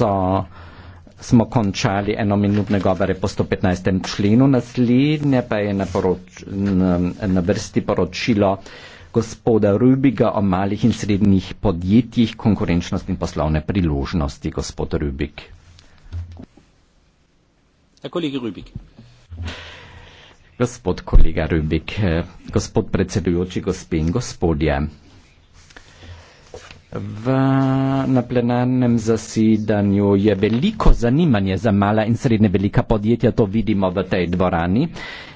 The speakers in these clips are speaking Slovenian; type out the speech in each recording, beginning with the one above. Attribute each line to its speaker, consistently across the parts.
Speaker 1: so, smo končali enominutne govore po 115. členu. Naslednje pa je na, poroč, na, na vrsti poročilo gospoda Rubiga o malih in srednjih podjetjih, konkurenčnost in poslovne priložnosti. Gospod Rubik. Ja, Rubik. Gospod kolega Rubik, eh, gospod predsedujoči, gospe in gospodje. V, na plenarnem zasedanju je veliko zanimanje za mala in srednje velika podjetja, to vidimo v tej dvorani.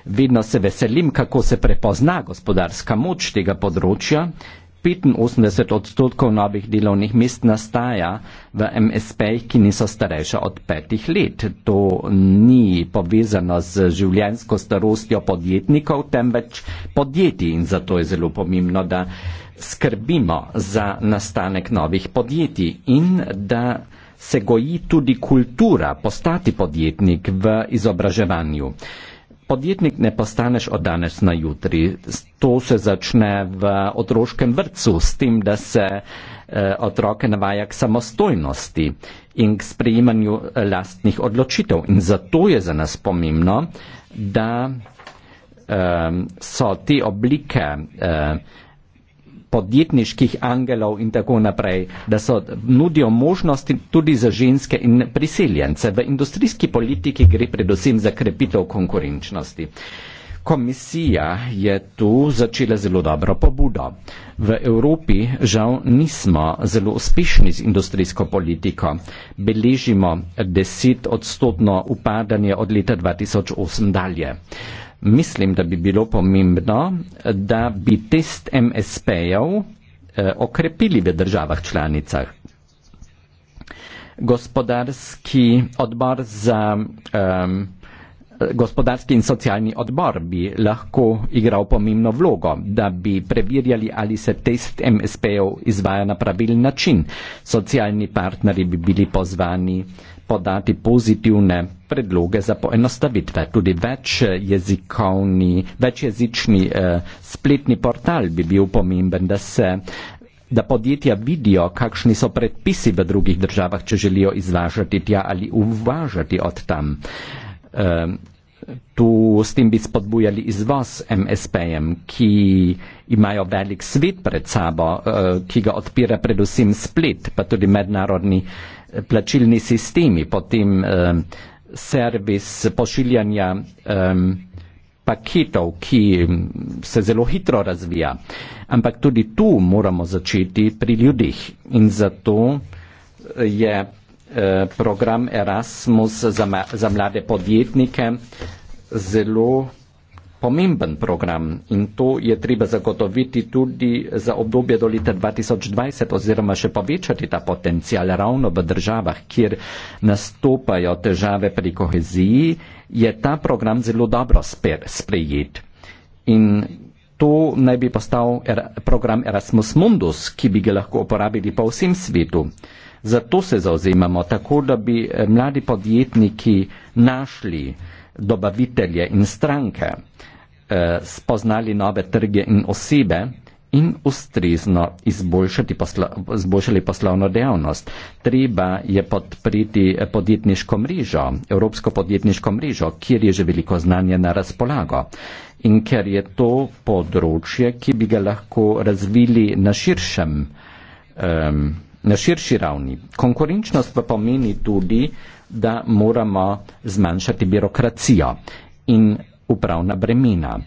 Speaker 1: Vedno se veselim, kako se prepozna gospodarska moč tega področja. 85 odstotkov novih delovnih mest nastaja v MSP-jih, ki niso starejše od petih let. To ni povezano z življenjsko starostjo podjetnikov, temveč podjetij in zato je zelo pomembno, da skrbimo za nastanek novih podjetij in da se goji tudi kultura postati podjetnik v izobraževanju podjetnik ne postaneš od danes na jutri. To se začne v otroškem vrtu, s tem, da se eh, otroke navaja k samostojnosti in k sprejemanju eh, lastnih odločitev. In zato je za nas pomembno, da eh, so te oblike eh, podjetniških angelov in tako naprej, da so nudijo možnosti tudi za ženske in prisiljence. V industrijski politiki gre predvsem za krepitev konkurenčnosti. Komisija je tu začela zelo dobro pobudo. V Evropi žal nismo zelo uspešni z industrijsko politiko. Beležimo desetodstotno upadanje od leta 2008 dalje mislim, da bi bilo pomembno, da bi test MSP-jev eh, okrepili v državah članicah. Gospodarski odbor za um, gospodarski in socialni odbor bi lahko igral pomembno vlogo, da bi preverjali, ali se test MSP-ov izvaja na pravilen način. Socialni partnerji bi bili pozvani podati pozitivne predloge za poenostavitve. Tudi večjezikovni, večjezični eh, spletni portal bi bil pomemben, da se da podjetja vidijo, kakšni so predpisi v drugih državah, če želijo izvažati tja ali uvažati od tam. Eh, tu s tem bi spodbujali izvoz MSP-jem, ki imajo velik svet pred sabo, eh, ki ga odpira predvsem splet, pa tudi mednarodni eh, plačilni sistemi, potem eh, servis pošiljanja paketov, ki se zelo hitro razvija. Ampak tudi tu moramo začeti pri ljudih in zato je Eh, program Erasmus za, za mlade podjetnike zelo pomemben program in to je treba zagotoviti tudi za obdobje do leta 2020 oziroma še povečati ta potencial ravno v državah, kjer nastopajo težave pri koheziji, je ta program zelo dobro sper, sprejet. In to naj bi postal er-, program Erasmus Mundus, ki bi ga lahko uporabili po vsem svetu. Zato se zauzemamo tako, da bi eh, mladi podjetniki našli dobavitelje in stranke, eh, spoznali nove trge in osebe in ustrezno poslo, izboljšali poslovno dejavnost. Treba je podpreti eh, podjetniško mrežo, evropsko podjetniško mrežo, kjer je že veliko znanja na razpolago. In ker je to področje, ki bi ga lahko razvili na širšem um, na širši ravni. Konkurenčnost pa pomeni tudi, da moramo zmanjšati birokracijo in upravna bremena.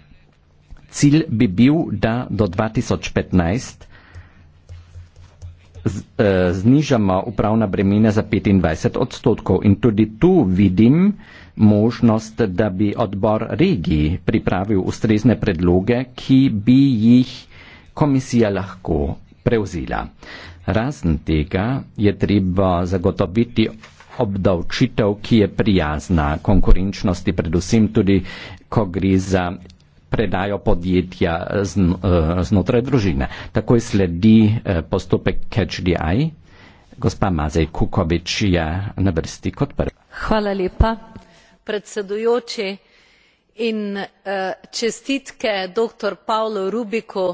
Speaker 1: Cilj bi bil, da do 2015 z, e, znižamo upravna bremena za 25 odstotkov in tudi tu vidim možnost, da bi odbor regiji pripravil ustrezne predloge, ki bi jih komisija lahko prevzela. Razen tega je treba zagotoviti obdavčitev, ki je prijazna konkurenčnosti, predvsem tudi, ko gre za predajo podjetja eh, znotraj družine. Takoj sledi eh, postopek CatchDI. Gospa Mazej Kukovič je na vrsti kot prva.
Speaker 2: Hvala lepa, predsedujoči. In eh, čestitke dr. Pavlu Rubiku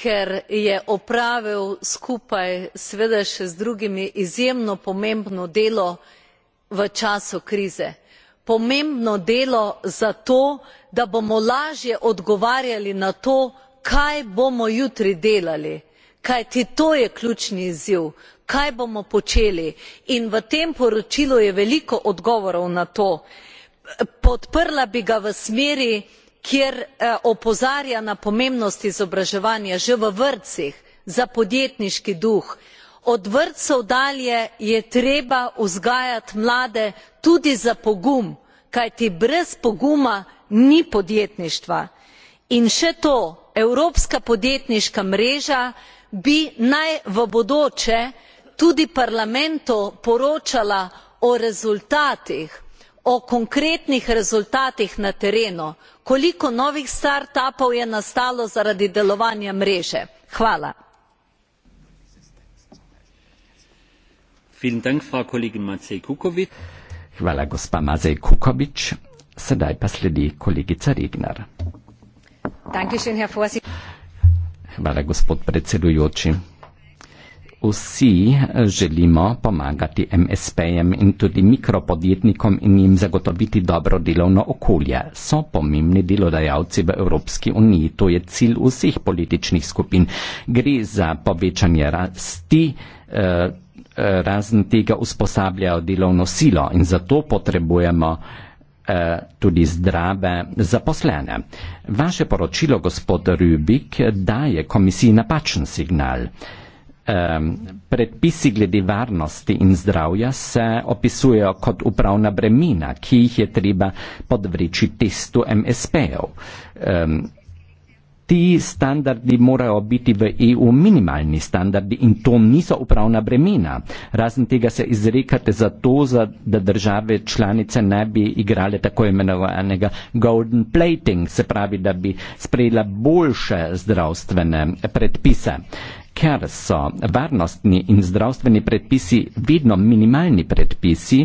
Speaker 2: ker je opravil skupaj seveda še z drugimi izjemno pomembno delo v času krize pomembno delo zato da bomo lažje odgovarjali na to kaj bomo jutri delali kajti to je ključni izziv kaj bomo počeli in v tem poročilu je veliko odgovorov na to podprla bi ga v smeri kjer eh, opozarja na pomembnost izobraževanja že v vrtcih za podjetniški duh od vrtcev dalje je treba vzgajati mlade tudi za pogum kajti brez poguma ni podjetništva in še to evropska podjetniška mreža bi naj v bodoče tudi parlamentu poročala o rezultatih o konkretnih rezultatih na terenu koliko novih start upov je nastalo zaradi delovanja mreže hvala
Speaker 1: Hvala, gospa Mazej Kukovič. Sedaj pa sledi kolegica Regnar. Hvala, gospod predsedujoči vsi eh, želimo pomagati MSP-jem in tudi mikropodjetnikom in jim zagotoviti dobro delovno okolje. So pomembni delodajalci v Evropski uniji, to je cilj vseh političnih skupin. Gre za povečanje rasti. Eh, eh Razen tega usposabljajo delovno silo in zato potrebujemo eh, tudi zdrave zaposlene. Vaše poročilo, gospod Rubik, daje komisiji napačen signal. Eh, um, predpisi glede varnosti in zdravja se opisujejo kot upravna bremina, ki jih je treba podvreči testu MSP-ev. Um, ehm, ti standardi morajo biti v EU minimalni standardi in to niso upravna bremina. Razen tega se izrekate za to, za, da države članice ne bi igrale tako imenovanega golden plating, se pravi, da bi sprejela boljše zdravstvene predpise. Um, ker so varnostni in zdravstveni predpisi vedno minimalni predpisi,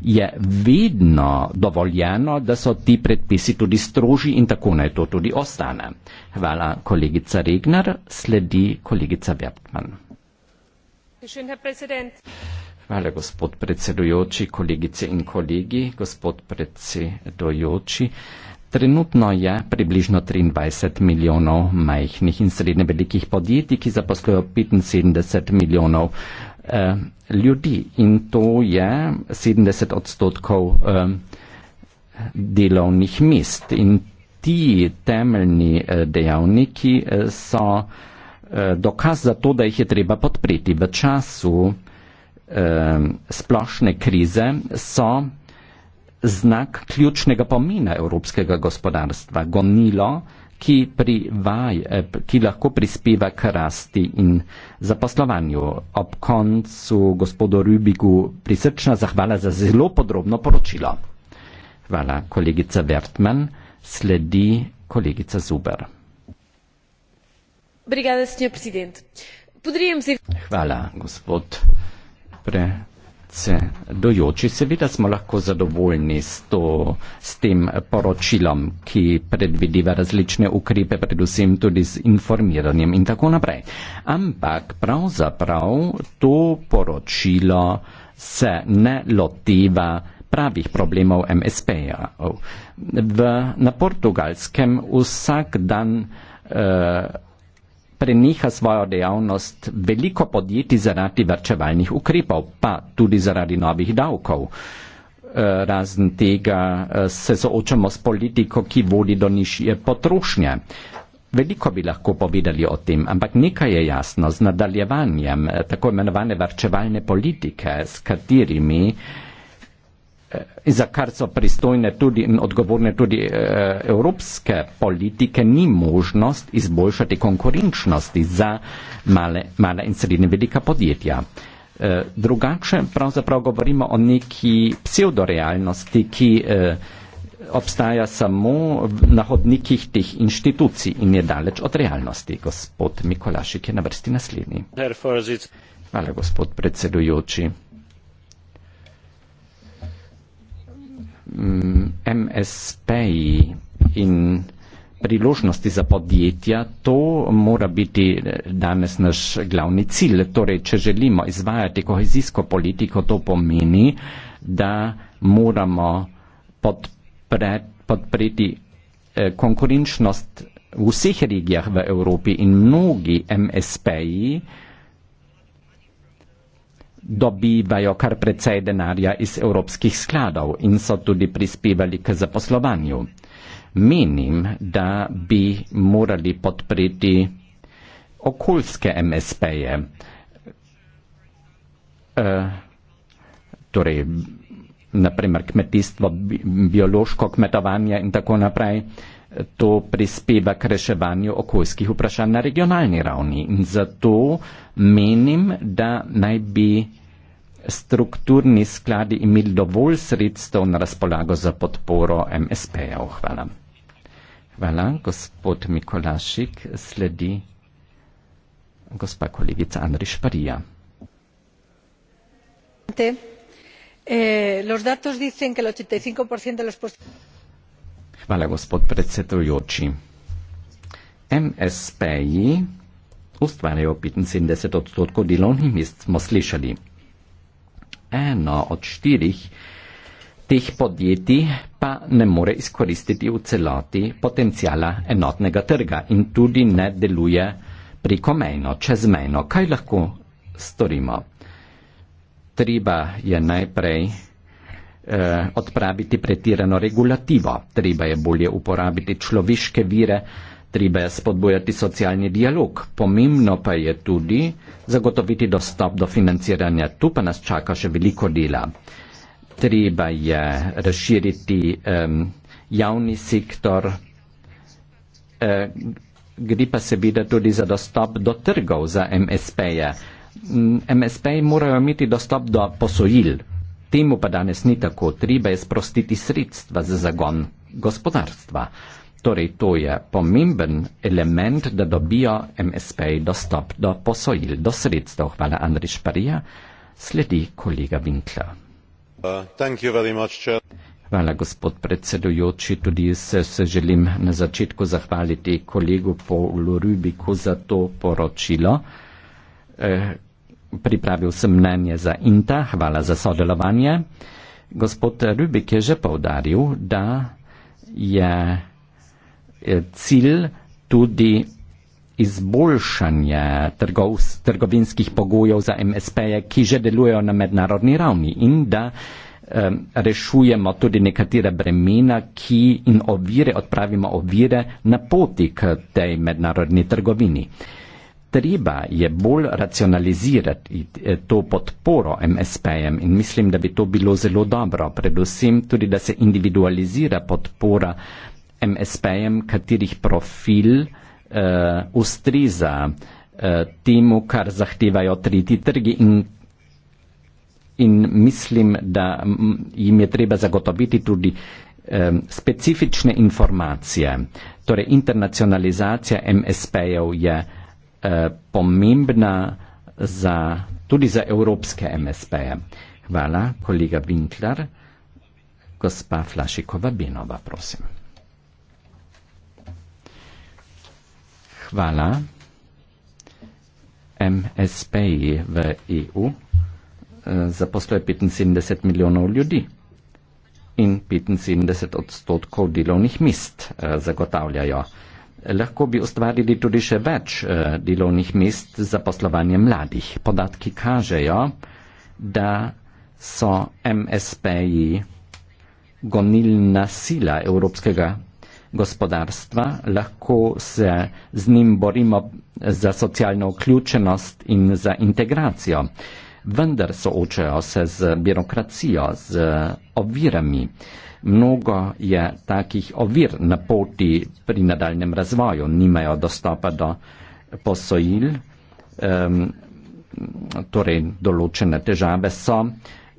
Speaker 1: je vedno dovoljeno, da so ti predpisi tudi stroži in tako naj to tudi ostane. Hvala, kolegica Regnar. Sledi kolegica Werbmann. Hvala, gospod predsedujoči, kolegice in kolegi, gospod predsedujoči. Trenutno je približno 23 milijonov majhnih in srednje velikih podjetij, ki zaposlujejo 75 milijonov eh, ljudi in to je 70 odstotkov eh, delovnih mest. In ti temeljni eh, dejavniki eh, so eh, dokaz za to, da jih je treba podpreti. V času eh, splošne krize so znak ključnega pomena evropskega gospodarstva, gonilo, ki, privaj, eh, ki lahko prispeva k rasti in zaposlovanju. Ob koncu gospodu Rubigu prisrčna zahvala za zelo podrobno poročilo. Hvala, kolegica Wertmann. Sledi kolegica Zuber. Brigada, Hvala, gospod. Pre Se dojoči, seveda smo lahko zadovoljni s, to, s tem poročilom, ki predvideva različne ukrepe, predvsem tudi z informiranjem in tako naprej. Ampak pravzaprav to poročilo se ne loteva pravih problemov MSP-ja. Na portugalskem vsak dan uh, preniha svojo dejavnost veliko podjetij zaradi vrčevalnih ukrepov, pa tudi zaradi novih davkov. Eh, razen tega eh, se soočamo s politiko, ki vodi do nižje potrošnje. Veliko bi lahko povedali o tem, ampak nekaj je jasno z nadaljevanjem eh, tako imenovane vrčevalne politike, s katerimi eh, Eh, za kar so pristojne tudi in odgovorne tudi eh, evropske politike, ni možnost izboljšati konkurenčnosti za male, male in srednje velika podjetja. Eh, drugače pravzaprav govorimo o neki pseudorealnosti, ki obstaja samo na hodnikih teh inštitucij in je daleč od realnosti. Gospod Mikolašik je na vrsti naslednji. Hvala, gospod predsedujoči. MSP-ji mm, in priložnosti za podjetja, to mora biti eh, danes naš glavni cilj. Torej, če želimo izvajati kohezijsko politiko, to pomeni, da moramo podpre, podpreti eh, konkurenčnost v vseh regijah v Evropi in mnogi MSP-ji eh, dobivajo kar precej denarja iz evropskih skladov in so tudi prispevali k zaposlovanju. Menim, da bi morali podpreti okoljske MSP-je, e, torej naprimer kmetijstvo, biološko kmetovanje in tako naprej to prispeva k reševanju okoljskih vprašanj na regionalni ravni. In zato menim, da naj bi strukturni skladi imeli dovolj sredstev na razpolago za podporo MSP-jev. Hvala. Hvala, gospod Mikolašik. Sledi gospa kolegica Andriš Parija.
Speaker 2: Te, eh, los datos dicen que el 85% de los puestos...
Speaker 1: Hvala, gospod predsedujoči. MSP-ji ustvarjajo 75 odstotkov delovnih mest, smo slišali. Eno od štirih teh podjetij pa ne more izkoristiti v celoti potencijala enotnega trga in tudi ne deluje prikomejno, čezmejno. Kaj lahko storimo? Treba je najprej Eh, odpraviti pretirano regulativo, treba je bolje uporabiti človeške vire, treba je spodbujati socialni dialog. Pomembno pa je tudi zagotoviti dostop do financiranja. Tu pa nas čaka še veliko dela. Treba je razširiti um, javni sektor, eh, gre pa seveda tudi za dostop do trgov za MSP-je. MSP-ji morajo imeti dostop do posojil, Temu pa danes ni tako, treba je sprostiti sredstva za zagon gospodarstva. Torej, to je pomemben element, da dobijo MSP dostop do posojil, do sredstev. Hvala, Andriš Parija. Sledi kolega Winkler.
Speaker 2: Uh,
Speaker 1: Hvala, gospod predsedujoči. Tudi se, se želim na začetku zahvaliti kolegu Paulu Rubiku za to poročilo. Eh, pripravil sem mnenje za Inta, hvala za sodelovanje. Gospod Rubik je že povdaril, da je e, cilj tudi izboljšanje trgov, trgovinskih pogojev za MSP-je, ki že delujejo na mednarodni ravni in da um, rešujemo tudi nekatere bremena ki, in ovire, odpravimo ovire na poti k tej mednarodni trgovini. Uh, Treba je bolj racionalizirati eh, to podporo MSP-jem in mislim, da bi to bilo zelo dobro. Predvsem tudi, da se individualizira podpora MSP-jem, katerih profil uh, eh, ustriza uh, eh, temu, kar zahtevajo tretji trgi in, in mislim, da jim je treba zagotoviti tudi um, specifične informacije. Torej, internacionalizacija MSP-jev je. Eh, pomembna za, tudi za evropske MSP-je. Hvala, kolega Winkler. Gospa Flašikova Benova, prosim. Hvala. MSP-ji v EU eh, zaposluje 75 milijonov ljudi in 75 odstotkov delovnih mest eh, zagotavljajo lahko bi ustvarili tudi še več eh, delovnih mest za poslovanje mladih. Podatki kažejo, da so MSP-ji gonilna sila evropskega gospodarstva, lahko se z njim borimo za socialno vključenost in za integracijo. Vendar soočajo se z birokracijo, z ovirami. Uh, Mnogo je takih ovir na poti pri nadaljnem razvoju, nimajo dostopa do posojil, um, torej določene težave so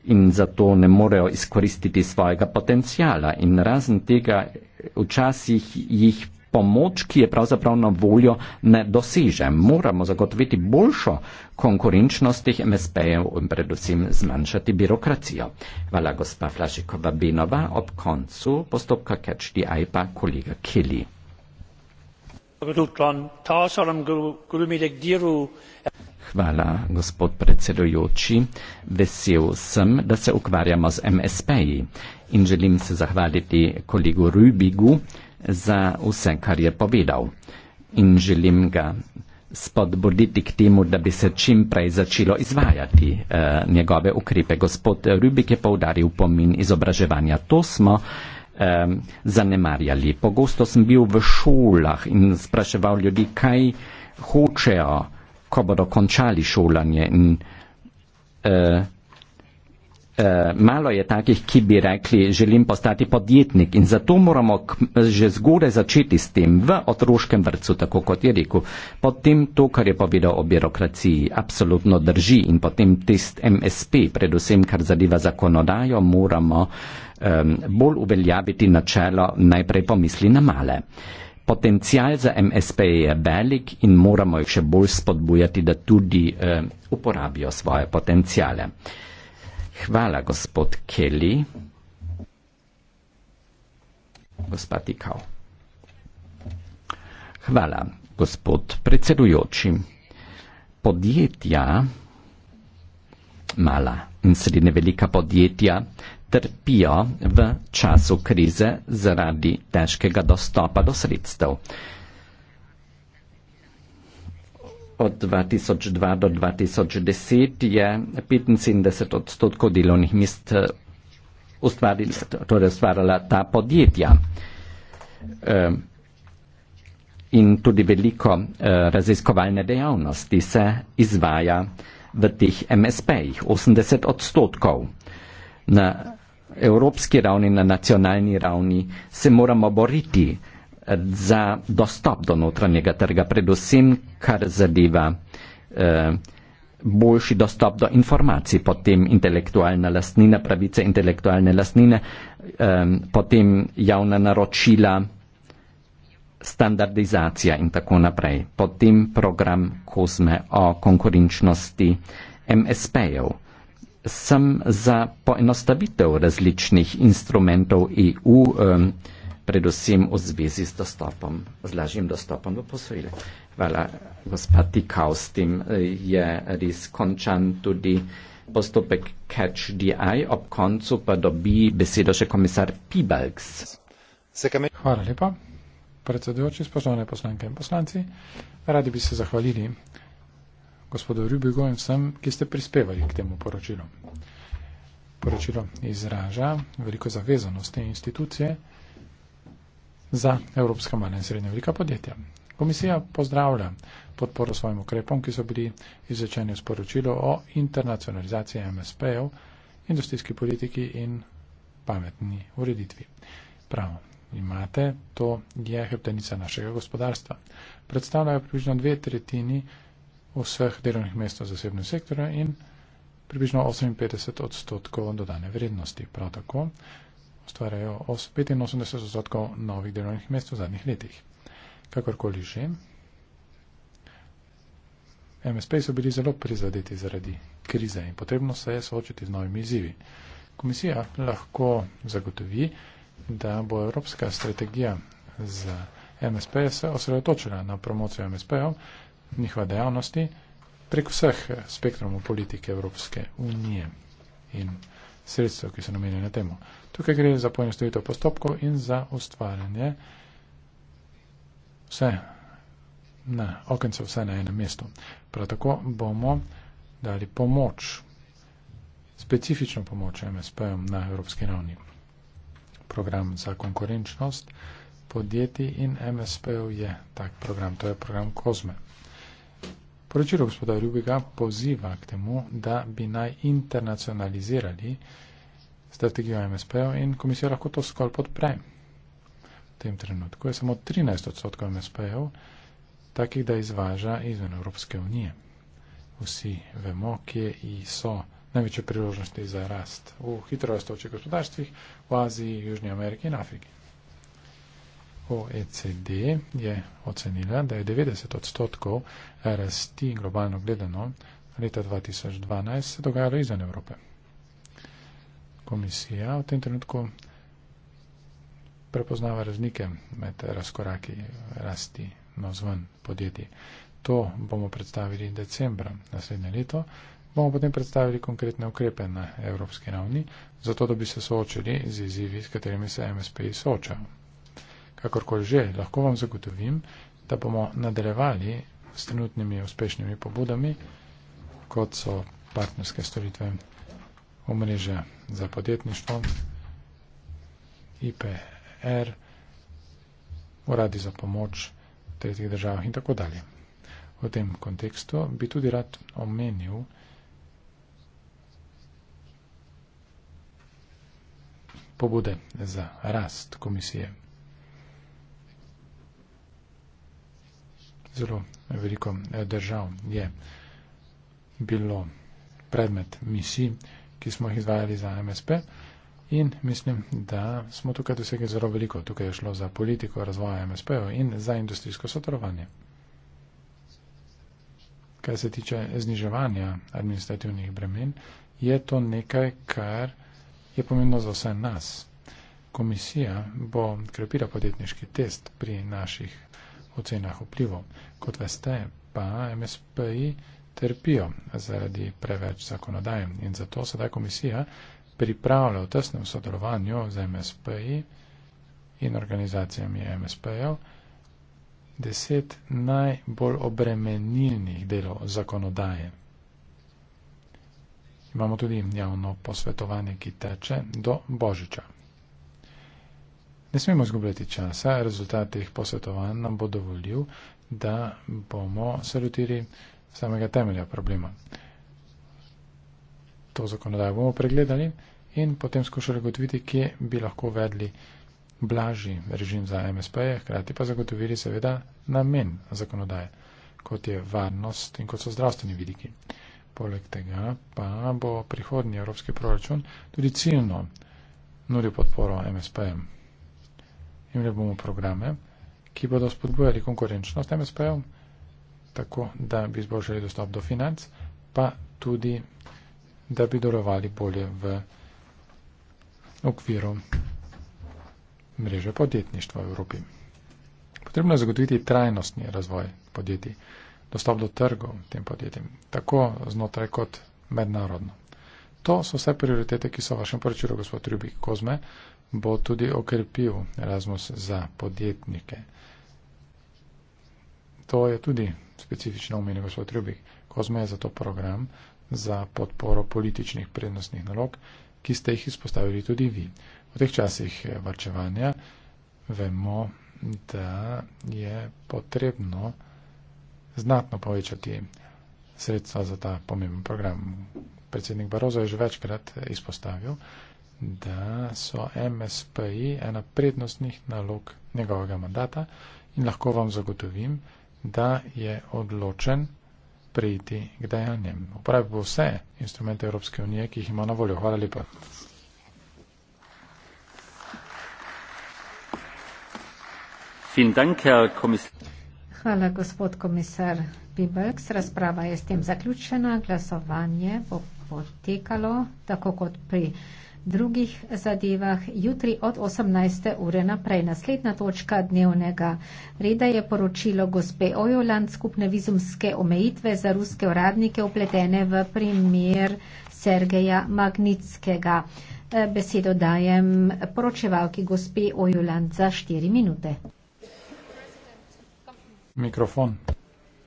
Speaker 1: in zato ne morejo izkoristiti svojega potencijala. In razen tega včasih jih pomoč, ki je pravzaprav na voljo, ne doseže. Moramo zagotoviti boljšo konkurenčnost teh MSP-jev in predvsem zmanjšati birokracijo. Hvala gospa Flašikova Benova. Ob koncu postopka Catch the Eye pa kolega Kelly. Hvala, gospod predsedujoči. Vesel sem, da se ukvarjamo z MSP-ji in želim se zahvaliti kolegu Rübigu za vse, kar je povedal. In želim ga spodbuditi k temu, da bi se čim prej začelo izvajati eh, njegove ukrepe. Gospod Rubik je povdaril pomin izobraževanja. To smo eh, zanemarjali. Pogosto sem bil v šolah in spraševal ljudi, kaj hočejo, ko bodo končali šolanje. In, eh, Eh, malo je takih, ki bi rekli, želim postati podjetnik in zato moramo k, že zgodaj začeti s tem v otroškem vrtu, tako kot je rekel. Potem to, kar je povedal o birokraciji, absolutno drži in potem test MSP, predvsem kar zadeva zakonodajo, moramo um, bolj uveljaviti načelo najprej pomisli na male. Potencijal za MSP je velik in moramo jih še bolj spodbujati, da tudi um, uporabijo svoje potencijale. Hvala, gospod Kelly. Gospod Ikao. Hvala, gospod predsedujoči. Podjetja, mala in srednje velika podjetja, trpijo v času krize zaradi težkega dostopa do sredstev od 2002 do 2010 je 75 odstotkov delovnih mest eh, torej ustvarjala ta podjetja. Eh, in tudi veliko eh, raziskovalne dejavnosti se izvaja v teh MSP-jih, 80 odstotkov. Na evropski ravni, na nacionalni ravni se moramo boriti za dostop do notranjega trga, predvsem kar zadeva eh, boljši dostop do informacij, potem intelektualna lastnina, pravice intelektualne lastnine, eh, potem javna naročila, standardizacija in tako naprej, potem program Kozme o konkurenčnosti MSP-jev. Sem za poenostavitev različnih instrumentov EU. Um, eh, predvsem v zvezi z dostopom, z lažjim dostopom do posojila. Hvala, gospa Tikao, s tem eh, je res končan tudi postopek Catch DI, ob koncu pa dobi besedo še komisar
Speaker 3: Pibalks. Hvala lepa, predsedujoči, spoštovane poslanke in poslanci. Radi bi se zahvalili gospodu Rubigo in vsem, ki ste prispevali k temu poročilu. Poročilo izraža veliko zavezanosti institucije za Evropska manj in srednja velika podjetja. Komisija pozdravlja podporo svojim ukrepom, ki so bili izrečeni v sporočilu o internacionalizaciji MSP-ev, industrijski politiki in pametni ureditvi. Prav, imate, to je hrbtenica našega gospodarstva. Predstavljajo približno dve tretjini vseh delovnih mest v zasebnem sektorju in približno 58 odstotkov dodane vrednosti. Prav tako ustvarjajo 85 odstotkov novih delovnih mest v zadnjih letih. Kakorkoli že, MSP so bili zelo prizadeti zaradi krize in potrebno se je soočiti z novimi izzivi. Komisija lahko zagotovi, da bo evropska strategija z MSP se osredotočila na promocijo MSP-ov, njihove dejavnosti prek vseh spektrumov politike Evropske unije. In sredstev, ki so namenjene temu. Tukaj gre za poenostavitev postopkov in za ustvarjanje vse na okence, vse na enem mestu. Prav tako bomo dali pomoč, specifično pomoč MSP-om na evropski ravni. Program za konkurenčnost podjetij in MSP-ov je tak program, to je program Kozme. Poročilo gospoda Ljubega poziva k temu, da bi naj internacionalizirali strategijo MSP in komisija lahko to skolj podpre. V tem trenutku je samo 13 odstotkov MSP takih, da izvaža izven Evropske unije. Vsi vemo, kje so največje priložnosti za rast v hitro rastočih gospodarstvih v Aziji, Južnji Ameriki in Afriki. OECD je ocenila, da je 90 odstotkov rasti globalno gledano leta 2012 se dogajalo izven Evrope. Komisija v tem trenutku prepoznava raznike med razkoraki rasti na zven podjetij. To bomo predstavili decembra naslednje leto. Bomo potem predstavili konkretne ukrepe na evropski ravni, zato da bi se soočili z izzivi, s katerimi se MSP soočajo. Kakorkoli že, lahko vam zagotovim, da bomo nadaljevali s trenutnimi uspešnimi pobudami, kot so partnerske storitve, omrežje za podjetništvo, IPR, uradi za pomoč v tretjih državah in tako dalje. V tem kontekstu bi tudi rad omenil pobude za rast komisije. zelo veliko eh, držav je bilo predmet misij, ki smo jih izvajali za MSP in mislim, da smo tukaj dosegli zelo veliko. Tukaj je šlo za politiko razvoja MSP-ov in za industrijsko sodelovanje. Kar se tiče zniževanja administrativnih bremen, je to nekaj, kar je pomembno za vse nas. Komisija bo krepila podjetniški test pri naših ocenah vplivov. Kot veste, pa MSP-ji trpijo zaradi preveč zakonodaje in zato sedaj komisija pripravlja v tesnem sodelovanju z MSP-ji in organizacijami MSP-jev deset najbolj obremenilnih delov zakonodaje. Imamo tudi javno posvetovanje, ki teče do Božiča. Ne smemo izgubljati časa, rezultat teh posvetovanj nam bo dovolil, da bomo se lotili samega temelja problema. To zakonodajo bomo pregledali in potem skušali gotoviti, kje bi lahko vedli blažji režim za MSP-je, hkrati pa zagotovili seveda namen zakonodaje, kot je varnost in kot so zdravstveni vidiki. Poleg tega pa bo prihodnji evropski proračun tudi ciljno nudil podporo MSP-jem imeli bomo programe, ki bodo spodbujali konkurenčnost MSP-om, tako da bi izboljšali dostop do financ, pa tudi, da bi delovali bolje v okviru mreže podjetništva v Evropi. Potrebno je zagotoviti trajnostni razvoj podjetij, dostop do trgov tem podjetjem, tako znotraj kot mednarodno. To so vse prioritete, ki so v vašem poročilu, gospod Rubik Kozme, bo tudi okrepil Erasmus za podjetnike. To je tudi specifično omenil gospod Rubik Kozme za to program za podporo političnih prednostnih nalog, ki ste jih izpostavili tudi vi. V teh časih eh, varčevanja vemo, da je potrebno znatno povečati sredstva za ta pomemben program predsednik Barozo je že večkrat izpostavil, da so MSP-ji ena prednostnih nalog njegovega mandata in lahko vam zagotovim, da je odločen priti k dejanjem. Uporabil bo vse instrumente Evropske unije, ki jih ima na voljo. Hvala lepa.
Speaker 2: Hvala, gospod komisar Bibelks. Razprava je s tem zaključena. Glasovanje bo potekalo, tako kot pri drugih zadevah, jutri od 18. ure naprej. Naslednja točka dnevnega reda je poročilo gospe Ojoland skupne vizumske omejitve za ruske uradnike upletene v primer Sergeja Magnitskega. Eh, besedo dajem poročevalki gospe Ojoland za štiri minute.
Speaker 3: Mikrofon.